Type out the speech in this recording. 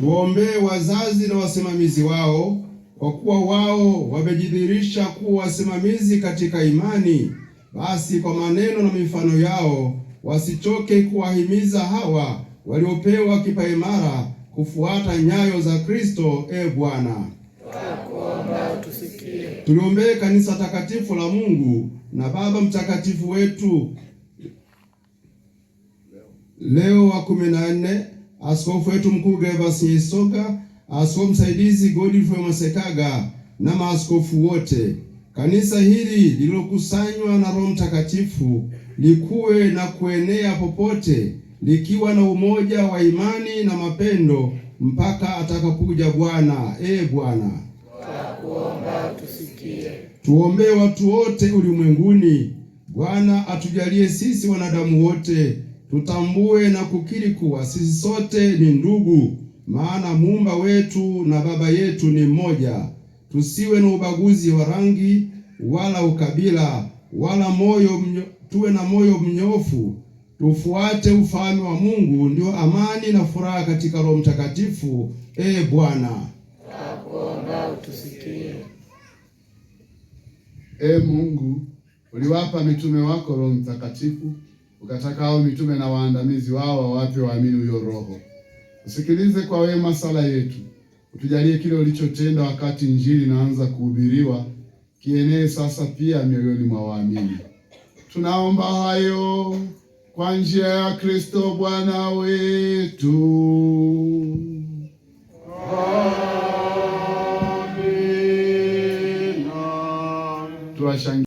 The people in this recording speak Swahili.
Tuombee wazazi na wasimamizi wao, kwa kuwa wao wamejidhihirisha kuwa wasimamizi katika imani. Basi kwa maneno na mifano yao wasichoke kuwahimiza hawa waliopewa kipaimara kufuata nyayo za Kristo. E Bwana, tuliombee kanisa takatifu la Mungu na Baba Mtakatifu wetu Leo wa kumi na nne askofu wetu mkuu Gervas Nyaisonga, askofu msaidizi Godfrey Masekaga na maaskofu wote. Kanisa hili lililokusanywa na Roho Mtakatifu likuwe na kuenea popote, likiwa na umoja wa imani na mapendo mpaka atakapokuja Bwana. E Bwana, tunakuomba tusikie. Tuombee watu wote ulimwenguni. Bwana atujalie sisi wanadamu wote tutambue na kukiri kuwa sisi sote ni ndugu, maana muumba wetu na baba yetu ni mmoja. Tusiwe na ubaguzi wa rangi wala ukabila wala moyo mnyo, tuwe na moyo mnyofu, tufuate ufalme wa Mungu, ndio amani na furaha katika Roho Mtakatifu. E Bwana, nakuomba utusikie. E Mungu, uliwapa mitume wako Roho Mtakatifu ukataka hao mitume na waandamizi wao wawape waamini huyo Roho. Usikilize kwa wema sala yetu, utujalie kile ulichotenda wakati injili inaanza kuhubiriwa kienee sasa pia mioyoni mwa waamini. Tunaomba hayo kwa njia ya Kristo Bwana wetu. Amina.